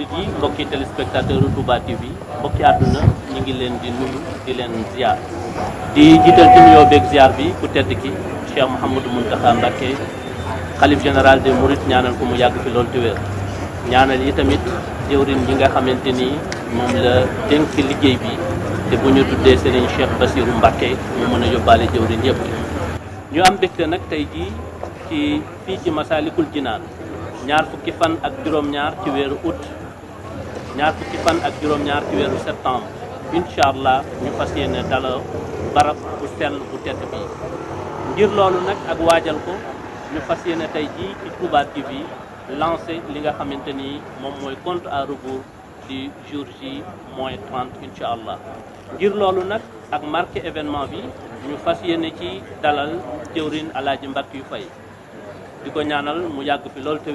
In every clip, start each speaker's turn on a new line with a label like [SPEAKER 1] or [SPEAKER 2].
[SPEAKER 1] yi mbokki téléspectateur Touba TV mbokki àdduna ñu ngi leen di nuyu di leen ziar di jiital ci nuyoo beeg ziar bi ku tedd ki Cheikh Mouhamadou Mountakha Mbacké xalif général de Mourides ñaanal ko mu yàgg fi loolu te wér ñaanal yi tamit jëwrin yi nga xamante ni moom la dénk liggéey bi te bu ñu tuddee Serigne Cheikh Bassirou Mbacké mu mën a yóbbaale jëwrin yëpp ñu am mbégte nag tey jii ci fii ci Massalikul Jinaan ñaar fukki fan ak juróom-ñaar ci weeru août ñaar fukki fan ak juróom-ñaar ci weeru septembre incha allah ñu fas yéene dala barab bu sell bu tedd bi ngir loolu nag ak waajal ko ñu fas yéene tey jii ci Touba TV lancé li nga xamante ni moom mooy compte à rebours du jour J moins 30 incha allah ngir loolu nag ak marqué événement bi ñu fas yéene ci dalal jëwrin Alaaji Mbàkke yu fay di ko ñaanal mu yàgg fi loolu te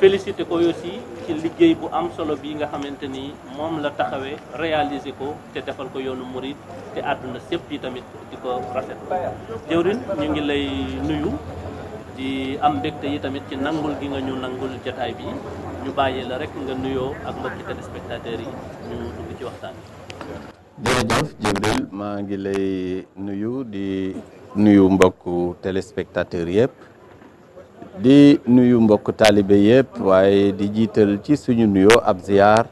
[SPEAKER 1] félicité ko aussi ci liggéey bu am solo bi nga xamante ni moom la taxawee réaliser ko te defal ko yoonu murit te àdduna sépp yi tamit di ko rafet jëwrin ñu ngi lay nuyu di am mbégte yi tamit ci nangul gi nga ñu nangul jotaay bi ñu bàyyi la rek nga nuyoo ak mbokki téléspectateurs yi ñu dugg ci waxtaan
[SPEAKER 2] bi maa ngi lay nuyu di nuyu mbokku téléspectateurs yëpp di nuyu mbokk taalibe yëpp waaye di jiital ci suñu nuyo ab ziyaar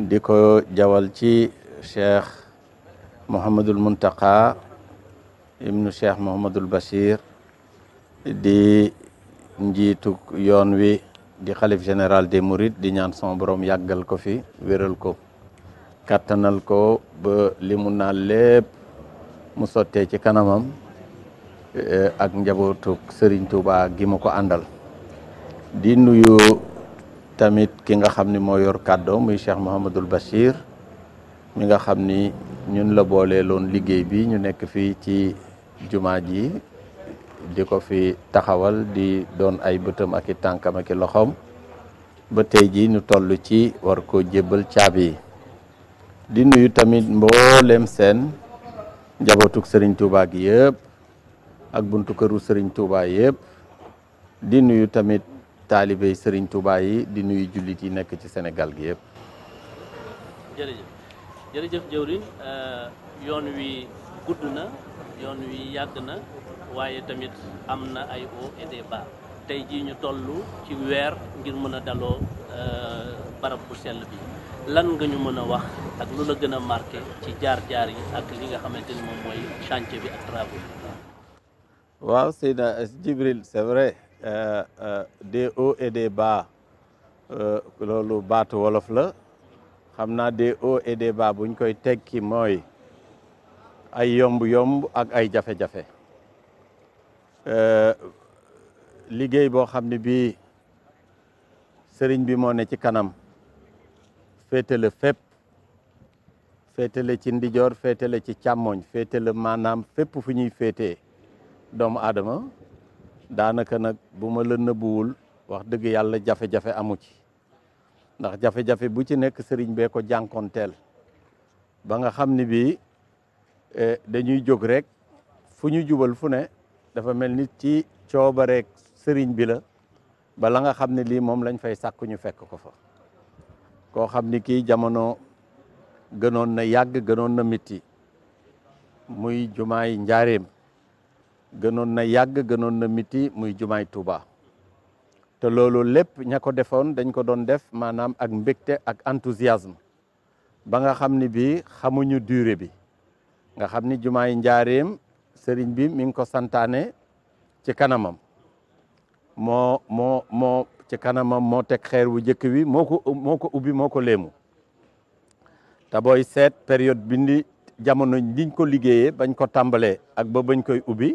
[SPEAKER 2] di ko jawal ci cheikh Mouhamadul Muntaqa ibnu cheikh Mouhamadul Bachir di njiitu yoon wi di xalif général des Mourides di ñaan sama borom yàggal ko fi wéral ko kattanal ko ba li mu naan lépp mu sottee ci kanamam Eh, ak njabotuk Serigne Touba gi mako andal. di nuyu tamit ki nga xamni mo yor cadeau muy Cheikh Mouhamadul Bachir mi nga xamni ñun la bolé lon liggéey bi ñu nek fi ci jumaa ji di ko fi taxawal di don ay bëtam ak tankam ak loxom ba tay ji ñu tollu ci war ko jébal ciabi di nuyu tamit mbolem sen njabotuk Serigne Touba gi yëpp ak buntu këru sëriñ Touba yëpp di nuyu tamit taalibey sëriñ Touba yi di nuyu jullit yi nekk ci senegal gi yëpp.
[SPEAKER 1] jërëjëf jërëjëf euh, yoon wi gudd na yoon wi yàgg na waaye tamit am na ay hauts et des bas tey jii ñu tollu ci weer ngir mën a daloo euh, barab bu sell bi lan nga ñu mën a wax ak lu la gën a marqué ci jaar-jaar yi ak li nga xamante ni moom mooy chantier bi ak travaux yi.
[SPEAKER 2] Wow, c'est eh, c'est vrai eh, eh, des hauts et des bas euh, le bat wolof la xam des hauts et des bas buñ koy tekki mooy ay yomb-yomb ak ay jafé, jafé. Euh, bo, ne bi, sëriñ bi moo ne ci kanam le ci le ci le pour finir, fêter doomu aadama daanaka nag bu ma la nëbbuwul wax dëgg yàlla jafe-jafe amu ci ndax jafe-jafe bu ci nekk sëriñ bee ko jànkonteel ba nga xam ni bii eh, dañuy jóg rek fu ñu jubal fu ne dafa mel ni ci coobareek sëriñ bi la bala nga xam ne lii moom lañ fay sàkku ñu fekk ko fa koo xam ni kii jamono gënoon na yàgg gënoon na mitti muy jumaay njaareem gënoon na yàgg gënoon na miti muy jumaay Touba te loolu lépp ña ko defoon dañ ko doon def maanaam ak mbégte ak enthousiasme ba nga xam ni bii xamuñu dure bi nga xam ni jumaay njaareem sëriñ bi mi ngi ko santaane ci kanamam moo moo moo ci kanamam moo teg xeer wu njëkk wi moo ko moo ko ubbi moo ko léemu te booy seet période bindi jamono liñ ko liggéeyee bañ ko tàmbalee ak ba bañ koy ubbi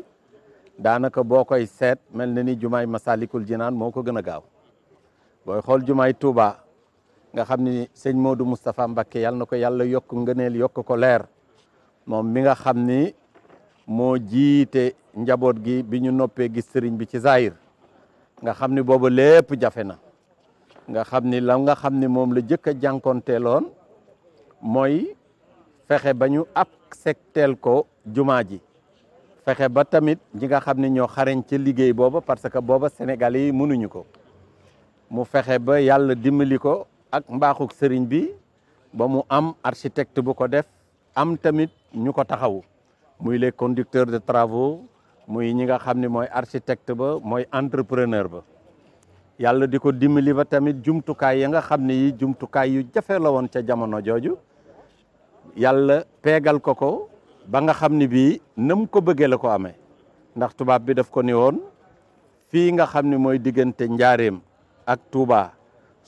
[SPEAKER 2] daanaka boo koy seet mel na ni jumaay Masalikul Jinaan moo ko gën a gaaw booy xool jumaay Touba nga xam ni sëñ Modou Moustapha Mbacké yàlla na ko yàlla yokk ngëneel yokk ko leer moom mi nga xam ni moo jiite njaboot gi bi ñu noppee gis sëriñ bi ci Zahir nga xam ni booba lépp jafe na nga xam ni la nga xam ni moom la jëkk a jànkonteeloon mooy fexe ba ñu sekteel ko jumaa ji fexé ba tamit ñi nga xamni ño xarañ ci liggéey bobu parce que bobu sénégalais yi mënuñu ko mu fexé ba yalla dimbali ko ak mbaxuk sëriñ bi ba mu am architecte bu ko def am tamit ñuko taxaw muy les conducteurs de travaux muy ñi nga xamni moy architecte ba moy entrepreneur ba yalla di ko dimbali ba tamit kay ya nga xamni ne yi yu jafé la won ca jamono jooju yalla pégal ko ko ba nga xam ni bii na mu ko bëggee la ko ame ndax tubaab bi def ko ni woon fii nga xam ni mooy diggante njaareem ak Touba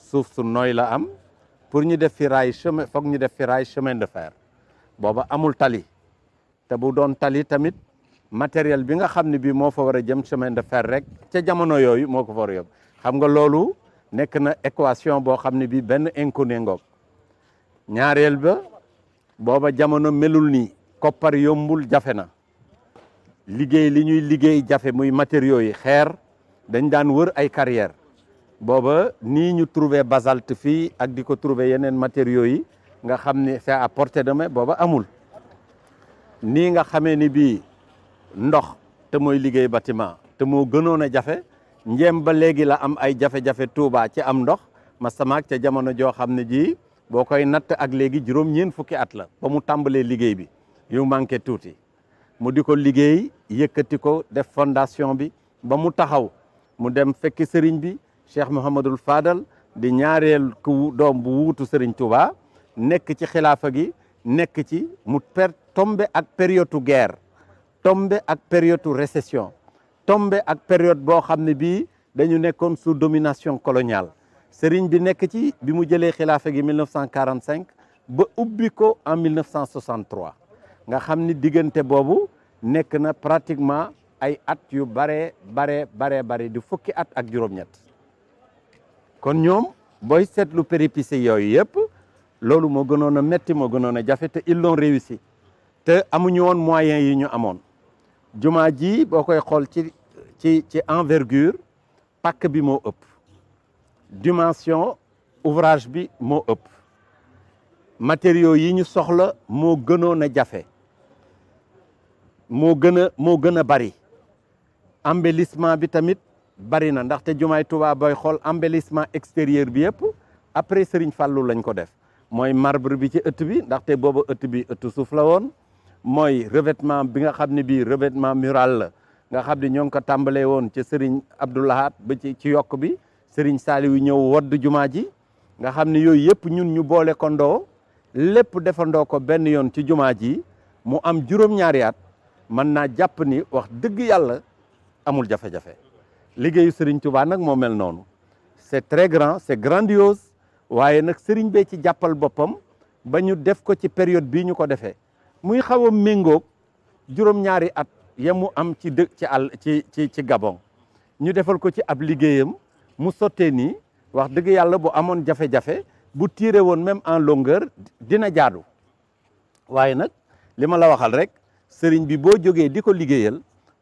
[SPEAKER 2] suuf su nooy la am pour ñu def fi raay ñu def fi raay de fer booba amul tali te bu doon tali tamit matériel bi nga xam ne bii moo fa war a jëm chemin de fer rek ca jamono yooyu moo ko fa war xam nga loolu nekk na équation boo xam ne bii benn inconnu ngoog ñaareel ba booba jamono melul nii koppar yombul jafe na liggéey li ñuy liggéey jafe muy matériaux yi xeer dañ daan wër ay carrière booba nii ñu trouver basalte fii ak di ko trouver yeneen matériaux yi nga xam ni c'est à portée de main booba amul nii nga xamee ni bii ndox te mooy liggéey bâtiment te moo gënoon a jafe njéem ba léegi la am ay jafe-jafe Touba ci am ndox Masamaak ca jamono joo xam ne ji boo koy natt ak léegi juróom-ñeent fukki at la ba mu tàmbalee liggéey bi yu manqué touti mu diko liggéey def fondation bi ba mu taxaw mu dem bi Cheikh Fadal di ku doom bu wuutu sëriñ Touba nekk ci xilaafa gi ci mu tombe ak période guerre tombe ak période récession tombe ak période boo xam ne bii dañu sous domination coloniale sëriñ bi nekk ci bi mu jëlee xilaafa gi 1945 ba en 1963 nga xamni ni bobu nek na pratiquement ay at yu bare bare bare bare du fukki at ak juróom-ñett kon ñoom booy seetlu péripéties yooyu yëpp loolu moo gënoon a metti mo gënoon a te ils l'ont réussi te amuñu won moyen yi ñu amone juma ji boo xol ci ci ci envergure pak bi mo upp dimension ouvrage bi mo upp matériaux yi ñu soxla mo gënoon a moo gën a moo gën a bari embellissement bi tamit bari na ndaxte jumaay Tuubaa booy xool embellissement extérieur bi yëpp après Serigne Fallou lañ ko def mooy marbre bi ci ëtt bi ndaxte booba ëtt bi ëtt suuf la woon mooy revêtement bi nga xam ne bii revêtement mural la nga xam ne ñoo ngi ko tàmbalee woon ci Serigne Abdou Lahad ba ci ci yokk bi saali Saliou ñëw wodd jumaa ji nga xam ne yooyu yëpp ñun ñu boole ko ndoo lépp defandoo ko benn yoon ci jumaa ji mu am juróom-ñaari mën naa jàpp ni wax dëgg yàlla amul jafe-jafe liggéeyu Serigne Touba nag moo mel noonu c'est très grand c'est grandiose waaye nag Serigne bee ci jàppal boppam ba ñu def ko ci période bii ñu ko defee muy xaw a méngoog juróom-ñaari at yamu am ci dë ci àll ci ci ci Gabon ñu defal ko ci ab liggéeyam mu sottee nii wax dëgg yàlla bu amoon jafe-jafe bu tiire woon même en longeur dina jaadu waaye nag li ma la waxal rek. sëriñ bi boo jógee di ko liggéeyal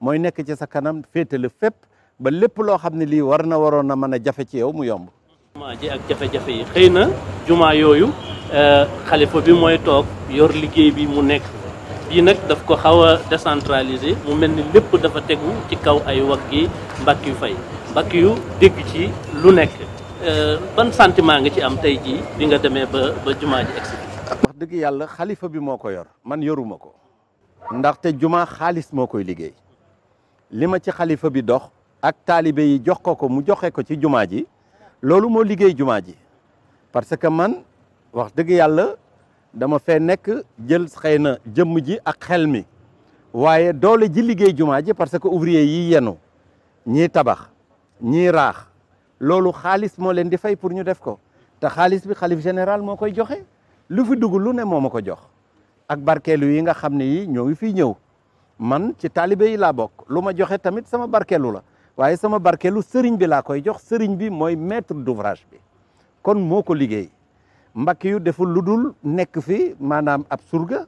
[SPEAKER 2] mooy nekk ci sa kanam féetale fépp ba lépp loo xam ne lii war na waroon na mën a jafe ci yow mu yomb.
[SPEAKER 1] jumaa ji ak jafe-jafe yi xëy na jumaa yooyu euh, xalifa bi mooy toog yor liggéey bi mu nekk bii nag daf ko xaw a décentraliser mu mel ni lépp dafa tegu ci kaw ay wag gi yu fay mbàkk yu dégg ci lu nekk euh, ban sentiment nga ci am tey jii bi nga demee ba ba jumaa ji egsi
[SPEAKER 2] wax dëgg yàlla xalifa bi moo ko yor man yoruma ko. ndaxte jumaa xaalis moo koy liggéey li ma ci xalifa bi dox ak taalibe yi jox ko ko mu joxe ko ci jumaa ji loolu moo liggéey jumaa ji parce que man wax dëgg yàlla dama fe nekk jël xëy na jëmm ji ak xel mi waaye doole ji liggéey jumaa ji parce que ouvrier yi yenu ñii tabax ñii raax loolu xaalis moo leen di fay pour ñu def ko te xaalis bi xalif général moo koy joxe lu fi dugg lu ne moo ma ko jox ak barkelu yi nga xam yi ñoo ngi fii man ci talibé yi laa bokk lu joxe tamit sama barkelu la waye sama barkelu sëriñ bi la koy jox sëriñ bi moy maître d'ouvrage bi kon moko ko liggéey mbakki yu deful ludul nek fi manam ab surga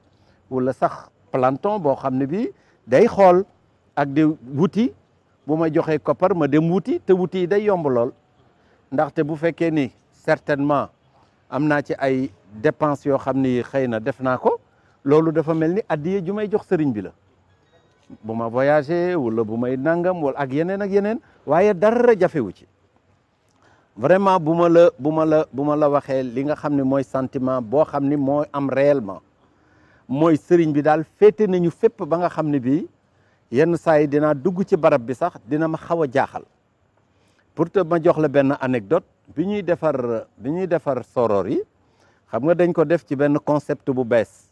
[SPEAKER 2] wala sax planton bo xam bi day xol ak di wuti buma ma joxee ma dem wuti te wuti day yomb lool ndaxte bu fekkee ni certainement amna ci ay dépenses yo xamni xeyna xëy na ko loolu dafa mel ni addiye ju may jox sëriñ bi la bu ma voyagé wala bu may nangam wala ak yeneen ak yeneen waaye dara jafewu ci vraiment bu ma la bu ma la bu ma la waxee li nga xam ne mooy sentiment boo xam ni mooy am réellement mooy sëriñ bi daal féete nañu fépp ba nga xam ni bii yenn saa yi dinaa dugg ci barab bi sax dina ma xaw a jaaxal pour te ma jox la benn anecdote bi ñuy defar bi defar soror yi xam nga dañ ko def ci benn concept bu bees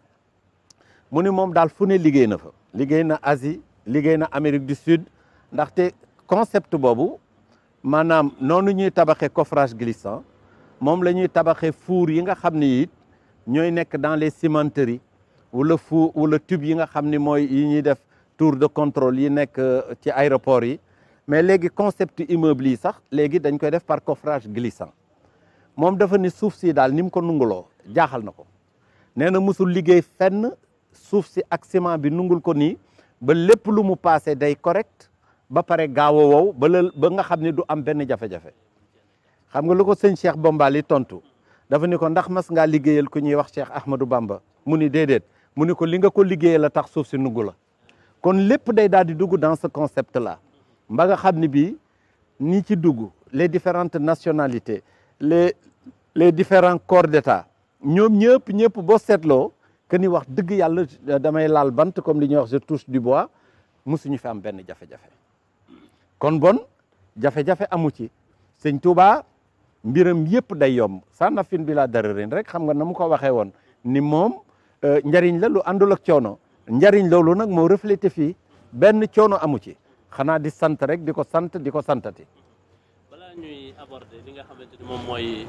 [SPEAKER 2] mu mom dal daal fu na fa liggéey na Asie liggéey na Amérique du Sud ndaxte concept bobu manam noonu ñuy tabaxé coffrage glissant mom lañuy tabaxé four yi nga xamni ni it ñooy nekk dans les cimenteries wala four wala tube yi nga xamni moy yi ñi def tour de contrôle yi nekk euh, ci aéroport yi mais légui concept immeuble yi sax légui dañ koy def par coffrage glissant mom dafa ni souf si dal nim ko nungulo jaaxal nako néna musul liggéey fenn souf si ak bi nungul ko ni ba lepp lu mu paase day correct ba paré gawo, wow ba ba nga xamni du am ben jafé jafé xam nga luko seigne Cheikh Bombali tontu dafa ni ndax mas nga liggéeyal ku ñuy wax Cheikh Ahmadou Bamba mu ni déedéet mu ni ko li nga ko liggéeyal la tax souf si nugg la kon lepp day daal di dugg dans ce concept là mba nga xamni bi ni ci dugg les différentes nationalités les les différents corps d'état ñom ñëpp ñëpp bo setlo que ni wax dëgg yalla euh, damay laal bant comme li ñu wax je touche du bois musuñu fi am ben jafé jafé kon bon jafé jafé amu ci seigne Touba mbiram yépp day yomb sànna fin bi la dara rek xam nga na mu ko waxee woon ni mom euh, njariñ la lu andul ak ciono njariñ lolu nak mo refléter fi ben ciono amu ci xana di sante rek diko sante diko santati
[SPEAKER 1] balaa ñuy aborder li nga xamanteni ni moom mooy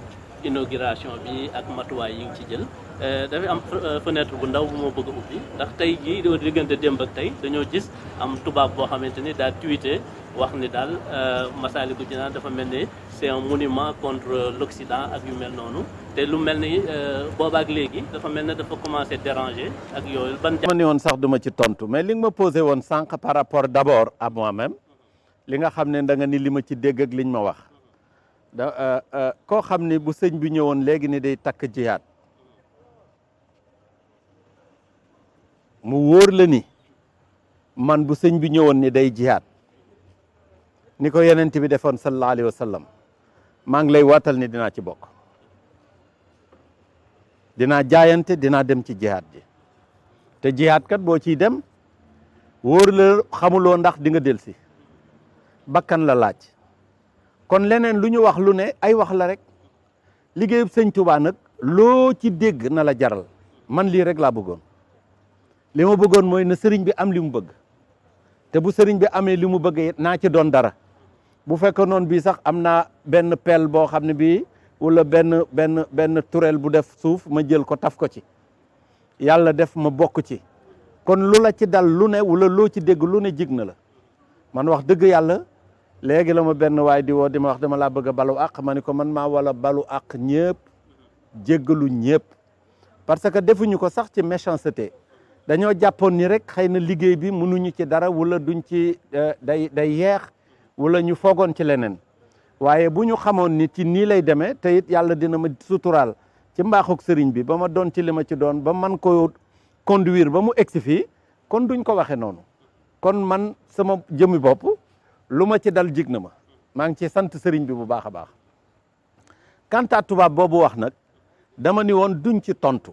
[SPEAKER 1] inauguration bi ak matuwaay yi ngi ci jël euh, dafay am euh, fenêtre bu ndaw bu moo bëgg a ubbi ndax tey jii diggante démb ak tey dañoo gis am tubaab boo xamante ni daa tweeté wax ni daal euh, Massalikul Jinaan dafa mel ni c'est un monument contre l'Occident ak yu mel noonu te lu mel ni boobaak léegi dafa mel ne dafa commencé déranger ak yooyu ban ma ni
[SPEAKER 2] woon sax duma ci tontu mais li nga ma posé woon sànq par rapport d'abord à moi-même li nga xam ne da nga ni li ma ci dégg ak liñ ma wax da euh, euh, koo xam ni bu sëñ bi ñëwoon léegi ni day takk jihaat mu wóor la ni man bu sëñ bi ñëwoon ni day jihaat ni ko yonent bi defoon sallallahu alayhi wa maa ngi lay waatal ni dinaa ci bokk dinaa jaayante dinaa dem ci jihaat ji te jihaat kat boo ci dem wóor la xamuloo ndax dinga nga delsi bakkan la laaj kon leneen lu ñu wax lu ne ay wax la rek liggéeyub sëñ Touba nag loo ci dégg na la jaral man lii rek laa bëggoon li ma bëggoon mooy na sëriñ bi am li mu bëgg te bu sëriñ bi amee li mu bëgg naa ci doon dara bu fekkee noon bii sax am naa benn pel boo xam ne bii wala benn benn benn tureel bu def suuf ma jël ko taf ko ci yàlla def ma bokk ci kon lu la ci dal lu ne wala loo ci dégg lu ne jig na la man wax dëgg yàlla léegi la ma benn waaye di woo di ma wax dama laa bëgg a balu àq ma ni ko man maa wala balu àq ñëpp jéggalu ñëpp parce que defuñu ko sax ci méchanceté dañoo jàppoon ni rek xëy na liggéey bi munuñu ci dara wala duñ ci euh, day day yeex wala ñu foogoon ci leneen waaye bu ñu xamoon ni ci nii lay demee te yàlla dina ma suturaal ci mbaaxuk sëriñ bi ba ma doon ci li ma ci doon ba man ko conduire ba mu egsi fii kon duñ ko waxe noonu kon man sama jëmmi bopp lu ma ci dal jig na ma maa ngi ci sant sëriñ bi bu baax a baax kanta tubaab boobu wax nag dama ni woon duñ ci tontu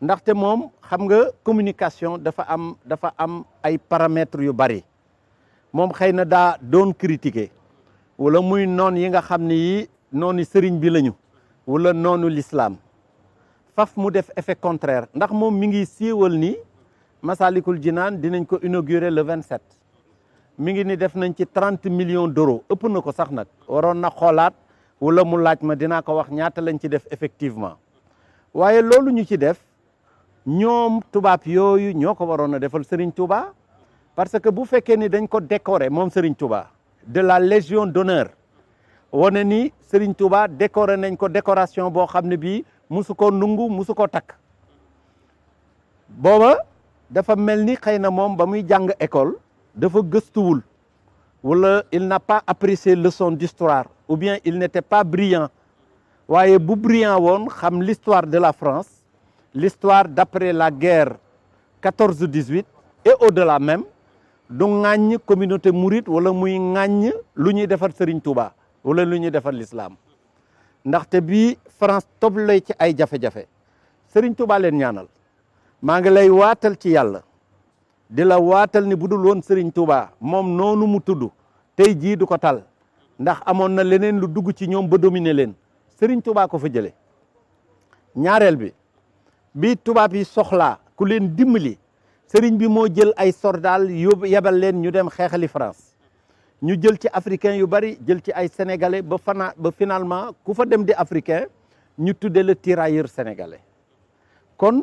[SPEAKER 2] ndaxte moom xam nga communication dafa am dafa am ay paramètres yu bari moom xëy na daa doon critiquer wala muy noon yi nga xam ni yi noonu sëriñ bi lañu wala noonu lislaam faf mu def effet contraire ndax moom mi ngi siiwal ni Masalikul Jinaan dinañ ko inaugurer le 27. mi ngi ni def nañ ci trente millions d'euros ëpp na ko sax nag waroon na xoolaat wala mu laaj ma dinaa ko wax ñaata lañ ci def effectivement waaye loolu ñu ci def ñoom tubaab yooyu ñoo ko waroon a defal Serigne Touba parce que bu fekkee ni dañ ko décorer moom Serigne Touba de la Légion d'honneur wane ni Serigne Touba décorer nañ ko décoration boo xam ne bii musu ko nungu musu ko takk booba dafa mel ni xëy na moom ba muy jàng école wala il n'a pas apprécié leçon d'histoire ou bien il n'était pas brillant waaye bu brillant on xam l'histoire de la France l'histoire d'après la guerre 14-18 et au-delà même du ŋàññ communauté mouride wala muy ŋàññ lu ñuy defar Serigne Touba wala lu ñuy defar l'islam ndaxte bii France toblay ci ay jafe fait. Serigne Touba leen ñaanal c'est ngi lay waatal ci yàlla di la waatal ni bu dul woon Serigne Touba moom noonu mu tudd tey jii du ko tal ndax amoon na leneen lu dugg ci ñoom ba dominer leen Serigne Touba ko fa jëlee ñaareel bi bi tubaab yi soxlaa ku leen dimbali sëriñ bi moo jël ay sordaal yóbbu yebal leen ñu dem xeexali France ñu jël ci africain yu bari jël ci ay sénégalais ba fana ba finalement ku fa dem di africain ñu tudde la tirailleur sénégalais kon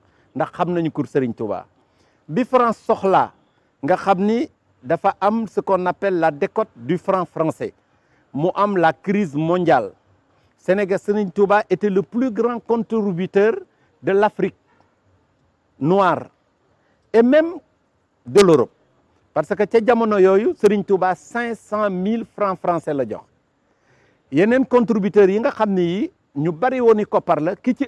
[SPEAKER 2] ndax xam nañu kur Serigne Touba bi France soxla nga xamni dafa ce qu'on appelle la décote du franc français mu am la crise mondiale Sénégal Serigne Touba était le plus grand contributeur de l'Afrique noire et même de l'Europe parce que ci jamono yoyu Serigne Touba 500 francs français la jox yenen contributeurs yi nga qui ñu bari woni la ki ci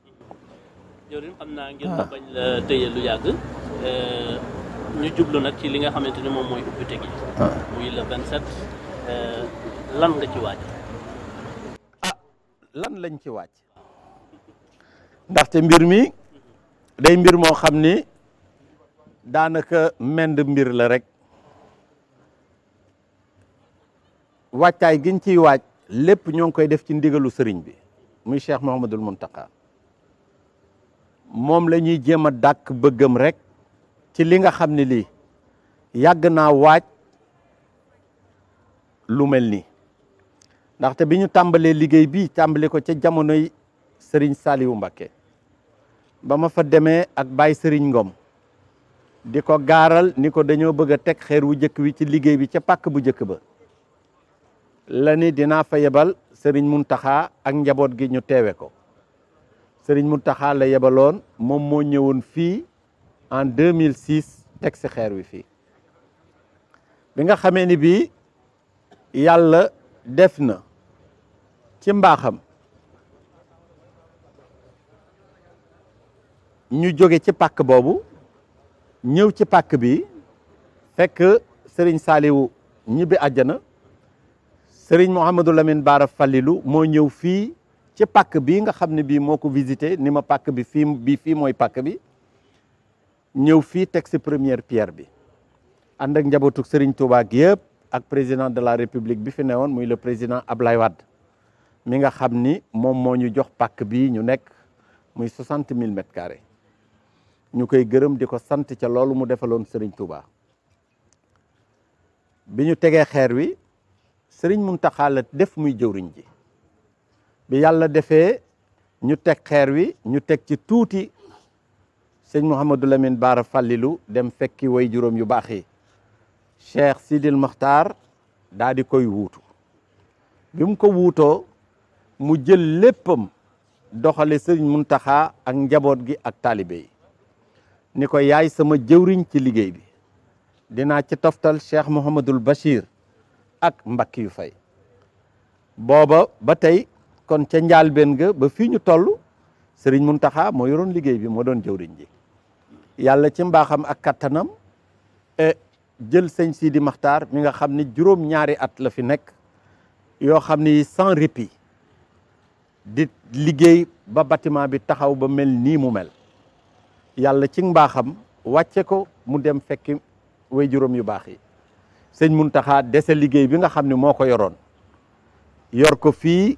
[SPEAKER 1] jëriñ xam naa ngir ah. bañ la tëye lu yàgg euh, ñu jublu nag ci li nga xamante ni moom mooy ubbite gi ah. muy le 27 euh, lan nga ci waaj
[SPEAKER 2] ah lan lañ ci waaj ndaxte mbir mi day mbir moo xam ni daanaka mend mbir la rek wàccaay gi ciy waaj lépp ñoo ngi koy def ci ndigalu sëriñ bi muy Cheikh Mouhamadul Mountakha moom lañuy ñuy jéem a dàkk bëggam rekk ci li nga xam ne lii yàgg naa waaj lu mel nii ndaxte bi ñu tàmbalee liggéey bi tàmbale ko ca jamonoy sëriñ Saliou mbakke ba ma fa demee ak Baye sëriñ Ngom di ko gaaral ni ko dañoo bëgg a teg xeer wu njëkk wi ci liggéey bi ca pàkk bu njëkk ba lani ni dinaa fa yebal Serigne taxaa ak njaboot gi ñu teewe ko sëriñ mu la yebaloon moom moo ñëwoon fii en 2006 teg si xeer wi fii bi nga xamee ni bii yàlla def na ci mbaaxam ñu jóge ci pàkk boobu ñëw ci pàkk bi fekk sëriñ Saaliwu ñibbi àjjana sëriñ Mouhamadou Lamine Bara Fallilu moo ñëw fii ci pàkk bii nga xam ne bii moo ko visité ni ma pakk bi fii bi fii mooy pàkk bi ñëw fii teg si première pierre bi ànd ak njabootu sëriñ Touba gi yëpp ak président de la république bi fi newoon muy le président Ablaye wadd mi nga xam ni moom moo ñu jox pakk bi ñu nekk muy soixante mille mètres carrés ñu koy gërëm di ko sant ca loolu mu defaloon Serigne Touba bi ñu tegee xeer wi Serigne Mountakha la def muy jëwriñ ji bi yàlla defee ñu teg xeer wi ñu teg ci tuuti sëñ Mouhamadou Lamine Baara Fallilu dem fekki way juróom yu baax yi Cheikh Sidil Mokhtar daa di koy wuutu bi ko wuutoo mu jël léppam doxale sëñ Muntaxa ak njaboot gi ak taalibe ni ko yaay sama jëwriñ ci liggéey bi dinaa ci toftal Cheikh Mouhamadul Bachir ak yu Fay booba ba tey kon ca njaalbeen ga ba fii ñu toll mun Mountakha moo yoroon liggéey bi moo doon jëwriñ ji yàlla ci mbaaxam ak kattanam e jël sëñ Sidi Maxtaar mi nga xam ni juróom ñaari at la fi nekk yoo xam ni sans répit di liggéey ba batiment bi taxaw ba mel nii mu mel yàlla ci mbaaxam wàcce ko mu dem fekki way juróom yu baax yi sëñ Mountakha dese liggéey bi nga xam ne moo ko yoroon yor ko fii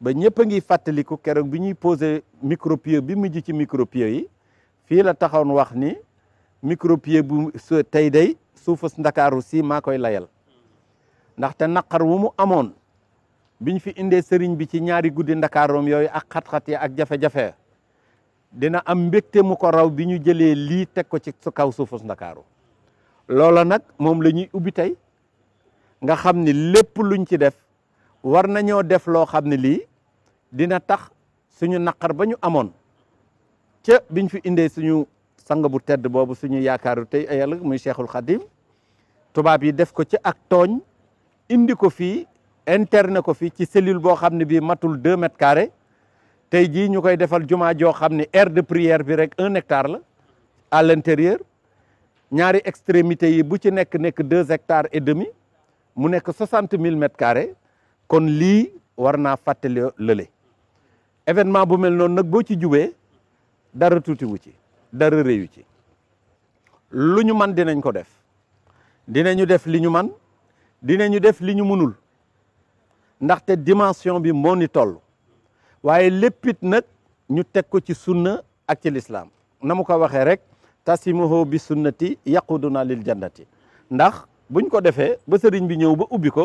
[SPEAKER 2] ba ñëpp a ngi fàttaliku keroog bi ñuy posé micropieux bi mujj ci micropieux yi fii la taxawoon wax ni micropieux bu tey day suufus ndakaaru si maa koy layal ndaxte naqar wu mu amoon biñ fi indee sëriñ bi ci ñaari guddi ndakaaroom yooyu ak xat-xat yi ak jafe-jafe dina am mbégte mu ko raw bi ñu jëlee lii teg ko ci su kaw suufus ndakaaru loola nag moom la ñuy ubbi tey nga xam ni lépp luñ ci def war na nañoo def loo xam ne lii dina tax suñu naqar ba ñu amoon ca biñ fi indee suñu sang bu tedd boobu suñu yaakaaru tey yàlla muy cheikhul xadim tubaab yi def ko ci ak tooñ indi ko fii interne ko fii ci cellule boo xam ne bii matul deux mètres carrés tey jii ñu koy defal jumaa joo xam ni aire de prière bi rek un hectare la à l'intérieur ñaari extrémité yi bu ci nekk nekk deux hectares et mi mu nekk soixante mille mètres carrés kon lii war naa fàttali lële événement bu mel noon nag boo ci jubee dara tuutiwu ci dara réyu ci lu ñu man dinañ ko def dinañu def li ñu man dina ñu def li ñu mënul ndaxte dimension bi moo ni toll waaye léppit nag ñu teg ko ci sunna ak ci lislaam na mu ko waxee rek tasimuhu bi sunnati yaquduna lil jannati ndax buñ ko defee ba sëriñ bi ñëw ba ubbi ko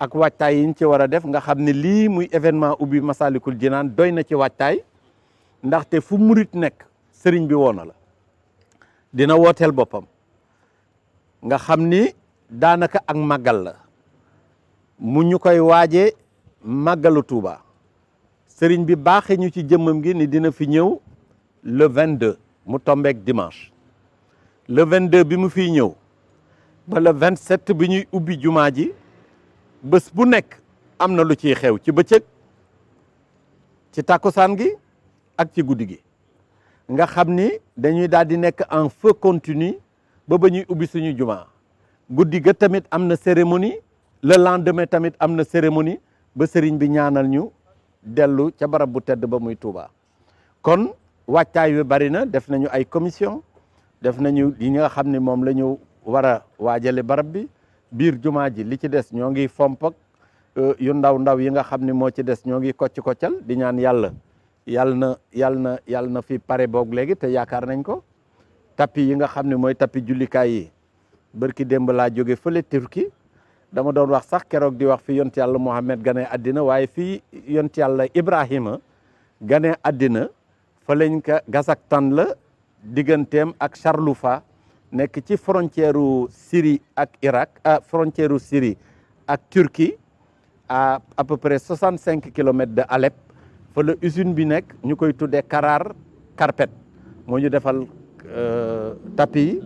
[SPEAKER 2] ak waajtaay yi ci wara def nga xamni li muy événement ubi Massalikul jinan doyna ci ci ndax te fu mourid nek serigne bi woona la dina wotel bopam. nga xamni danaka ak magal la mu ñu waje waajee touba serigne bi baaxe ñu ci jëmmam gi ni dina fi ñew le 22 mu tombeek dimanche le 22 bi mu fi ñew ba le 27 bi ñuy ubi jumaa ji bés bu nekk am na lu ciy xew ci bëccëg ci tàkkusaan gi ak ci guddi gi nga xam ni dañuy daal di nekk en feu continu ba ba ñuy ubbi suñu jumaa guddi ga tamit am na cérémonie le lendemain tamit am na cérémonie ba sëriñ bi ñaanal ñu dellu ca barab bu tedd ba muy Touba kon wàccaay wi bari na def nañu ay commission def nañu li nga xam ni moom la ñu war a waajale barab bi bir juma ji li ci dess ñoo ngi fomp ak eh, yu ndaw ndaw yi nga xamni mo ci des ñoo ngi kocc koccal di ñaan yalla na fi pare bok légui te yaakar nañ ko tapis yi nga xamni moy mooy tapis jullikaay yi barki demb la joggé feulé turki dama doon wax sax kérok di wax fi yont yalla mohammed gane Adine waye fi yont yalla ibrahim gane adina fa lañ gasak tan la ak charloufa nekk ci frontière u Syrie ak Irak ah frontière u Syrie ak Turquie à à peu près soixante cinq kilomètres de Alep fa la usine bi nekk ñu koy tuddee Karar Carpet moo ñu defal euh, tapis yi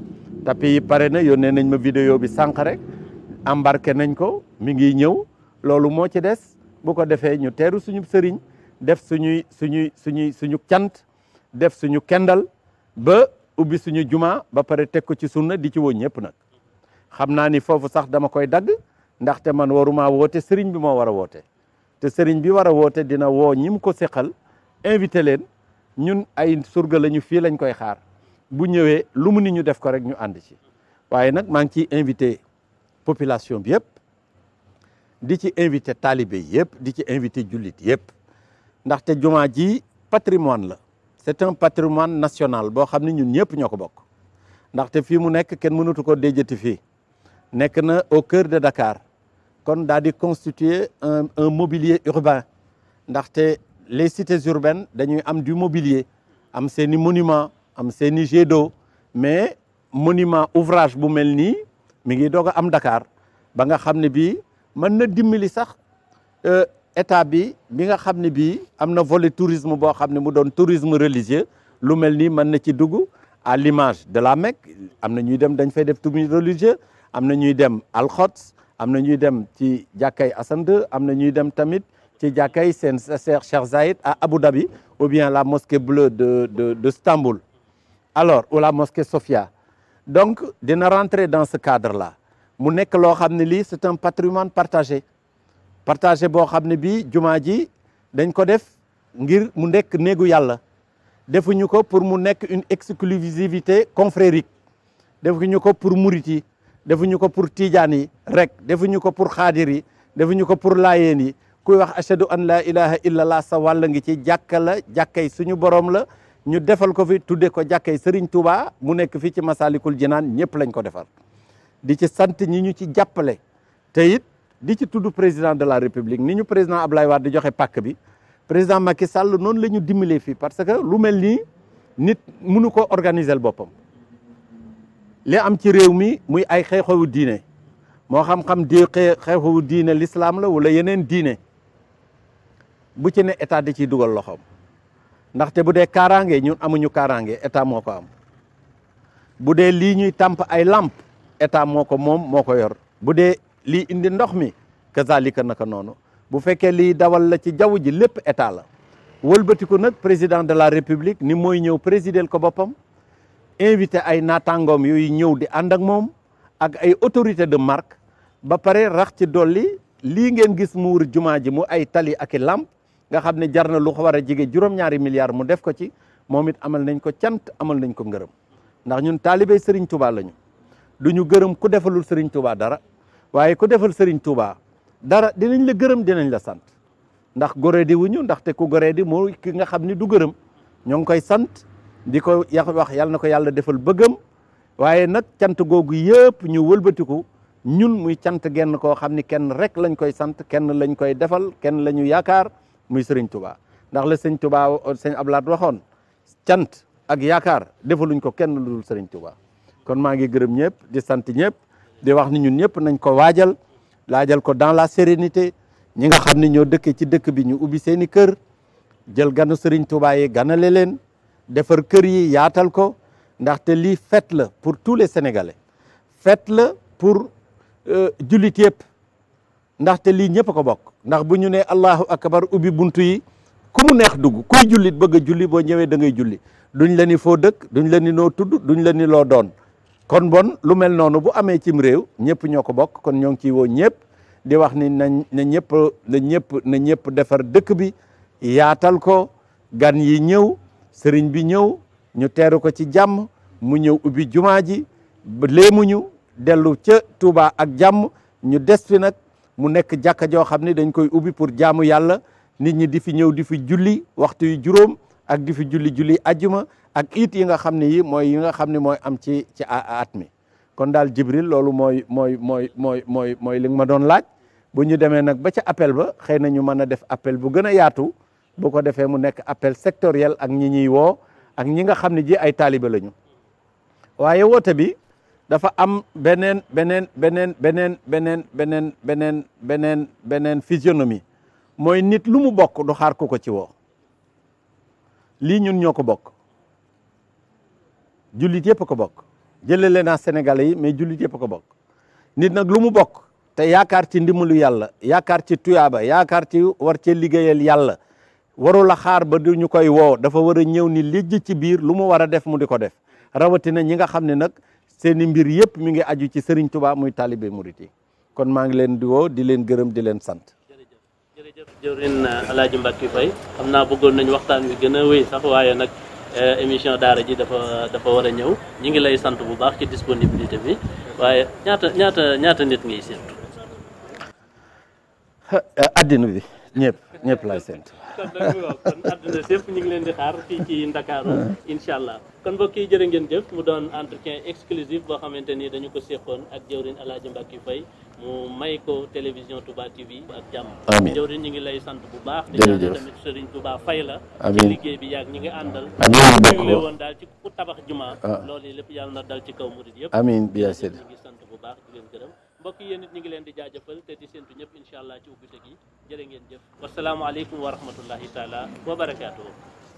[SPEAKER 2] tapis yi pare na yónnee nañ ma vidéo bi sànq rek embarqué nañ ko mi ngi ñëw loolu moo ci des bu ko defee ñu teeru suñu sëriñ def suñuy suñuy suñuy suñu cant def suñu kendal ubbi suñu juma ba pare teg ko ci sunna di ci woo ñëpp nag xam naa ni foofu sax dama koy dagg ndaxte man waruma woote sëriñ bi moo war a woote te sëriñ bi war a woote dina woo ñi ko seqal invité leen ñun ay surga lañu fii lañ koy xaar bu ñëwee lu mu ni ñu def ko rek ñu ànd ci waaye nag maa ngi ciy invité population bi yëpp di ci invité taalibe yëpp di ci invité jullit yëpp ndaxte jumaa ji patrimoine la c'est un patrimoine national Bon, xam ne ñun ñëpp ñoo Notre film ndaxte que mu nekk kenn mënatu n'est que nekk na au cœur de Dakar kon daal constituer un un mobilier urbain Notre les cités urbaines dañuy am du mobilier am seeni monuments, am seeni jet d'eau mais monument ouvrage bu mel nii mi ngi doga am Dakar ba nga xam bi bii mën na dimbali sax euh, état bi bi nga xamné bi amna tourisme tourisme religieux lu à l'image de la Mecque ñuy dem dañ fay def tourisme religieux dem al Khots, amna ñuy dem ci jakay amna dem tamit ci à Abu Dhabi ou bien la mosquée bleue de de de Istanbul alors ou la mosquée Sophia donc dina rentrer dans ce cadre là mu nek lo c'est un patrimoine partagé partagé boo xam ne bii jumaa ji dañ ko def ngir mu nekk néegu yàlla defuñu ko pour mu nekk une exclusivité confrérique defuñu ko pour murit yi defuñu ko pour tiijaan yi rek defuñu ko pour xaadir yi defuñu ko pour laayeen yi kuy wax ashadu an laa ilaha illallah sa wàll ngi ci jàkka la jàkkay suñu borom la ñu defal ko fi tudde ko jàkkay Serigne Touba mu nekk fii ci Masalikul Jinaan ñëpp lañ ko defar di ci sant ñi ñu ci jàppale te it di ci tudd président de la république ni ñu président lay Wade di joxe pàkk bi président Macky Sall noonu la ñu dimbalee fii parce que lu mel ni nit mënu ko organiser boppam li am ci réew mi muy ay xeexewu diine moo xam-xam di xeexewu diine l'islam la wala yeneen diine bu ci ne état di ciy dugal loxoom ndaxte bu dee kaaraange ñun amuñu kaaraange état moo ko am bu dee lii ñuy tàmp ay làmp état moo ko moom moo ko yor bu dee lii indi ndox mi kazalika naka noonu bu fekkee lii dawal la ci jaww ji lépp état la walbatiku nag président de la république ni mooy ñëw présider ko boppam invité ay naataangoom yooyu ñëw di ànd ak moom ak ay autorité de marque ba pare rax ci dolli lii ngeen gis mu wër jumaa ji mu ay tali ak i làmp nga xam ne jar na lu ko war a jege juróom-ñaari milliards mu def ko ci moom it amal nañ ko cant amal nañ ko ngërëm ndax ñun taalibe Serigne Touba lañu du ñu gërëm ku defalul Serigne Touba dara waaye ku defal Serigne Touba dara dinañ la gërëm dinañ la sant ndax goree di wuñu ndaxte ku goree di moo ki nga xam ni du gërëm ñoo ngi koy sant di ko ya wax yàlla na ko yàlla defal bëggëm waaye nag cant googu yëpp ñu wëlbatiku ñun muy cant genn koo xam ni kenn rek lañ koy sant kenn lañ koy defal kenn la ñu yaakaar muy Serigne Touba ndax la sëñ Touba sëñ waxoon cant ak yaakaar defaluñ ko kenn lu seriñ Serigne kon maa ngi gërëm ñëpp di sant ñëpp. di wax ni ñun ñëpp nañ ko waajal laajal ko dans la sérénité ñi nga xam ne ñoo dëkkee ci dëkk bi ñu ubbi seen i kër jël ganu Serigne Touba yi ganale leen defar kër yi yaatal ko ndaxte lii fête la pour tous les Sénégalais fête la pour euh, jullit yëpp ndaxte lii ñëpp ko bokk ndax bu ñu nee allahu akbar ubbi buntu yi ku neex dugg kuy jullit bëgg a julli boo ñëwee da ngay julli ñu la ni foo dëkk duñ la ni noo tudd duñ la ni loo doon kon bon lu mel noonu bu amee cim réew ñëpp ñoo ko bokk kon ñoo ngi ciy woo ñëpp di wax ni nañ na ñëpp na ñëpp na ñëpp defar dëkk bi yaatal ko gan yi ñëw sëriñ bi ñëw ñu teeru ko ci jàmm mu ñëw ubbi jumaa ji léemuñu dellu ca Touba ak jàmm ñu des nag mu nekk jàkka joo xam ne dañ koy ubbi pour jaamu yàlla nit ñi di fi ñëw di fi julli waxtu yu juróom ak di julli julli ajjuma ak it yi nga xam ne yi mooy yi nga xam ne mooy am ci ci at mi kon daal Jibril loolu mooy mooy mooy mooy mooy mooy li nga ma doon laaj bu ñu demee nag ba ca appel ba xëy na ñu mën a def appel bu gën a yaatu bu ko defee mu nekk appel sectoriel ak ñi ñuy woo ak ñi nga xam ne ji ay taalibe lañu waaye woote bi dafa am beneen beneen beneen beneen beneen beneen beneen beneen beneen physionomie mooy nit lu mu bokk du xaar ku ko ci woo lii ñun ñoo ko bokk jullit yëpp ko bokk jëlale naa Sénégalais yi mais jullit yëpp ko bokk nit nag lu mu bokk te yaakaar ci ndimbalu yàlla yaakaar ci tuyaaba yaakaar ci war cee liggéeyal yàlla warul a xaar ba du ñu koy woo dafa war a ñëw ni lijj ci biir lu mu war a def mu di ko def rawatina ñi nga xam ne nag seen i mbir yëpp mu ngi aju ci sëriñ tubaab muy taalibe mu yi kon maa ngi leen di woo di leen gërëm di leen sant.
[SPEAKER 1] jërëjëf jërëjëf jëwrin xam naa bëggoon nañ waxtaan wi gën a Euh, émission daara ji dafa dafa war a ñëw ñu ngi lay sant bu baax ci disponibilité bi waaye ñaata ñaata ñaata nit ngay séntu.
[SPEAKER 2] Euh, addina bi ñëpp ñëpp laay sent
[SPEAKER 1] kon ñu ngi leen di xaar fii ci Ndakaaru ah. incha allah kon mbokk yi jërë ngeen jëf mu doon entretien exclusif boo xamante ni dañu ko séqoon ak jëwriñ Alaaji Mbàkke Faye mu may ko télévision Touba TV ak jàmm amiin jëwriñ ñu ngi lay sant bu baax di ñaan tamit Serigne Touba fay la ci liggéey bi yàgg ñi ngi àndal amiin bokk lé woon daal ci ku tabax
[SPEAKER 2] jumaa ah. loolu lépp yàlla na dal ci kaw murid yëpp amiin bi yaa sedd
[SPEAKER 1] sant bu baax di leen gërëm mbokk yéen it ñu ngi leen di jaajëfal te di séntu ñëpp incha allah ci ubbite gi jërë ngeen jëf wasalaamaaleykum wa rahmatullahi taala wa barakaatu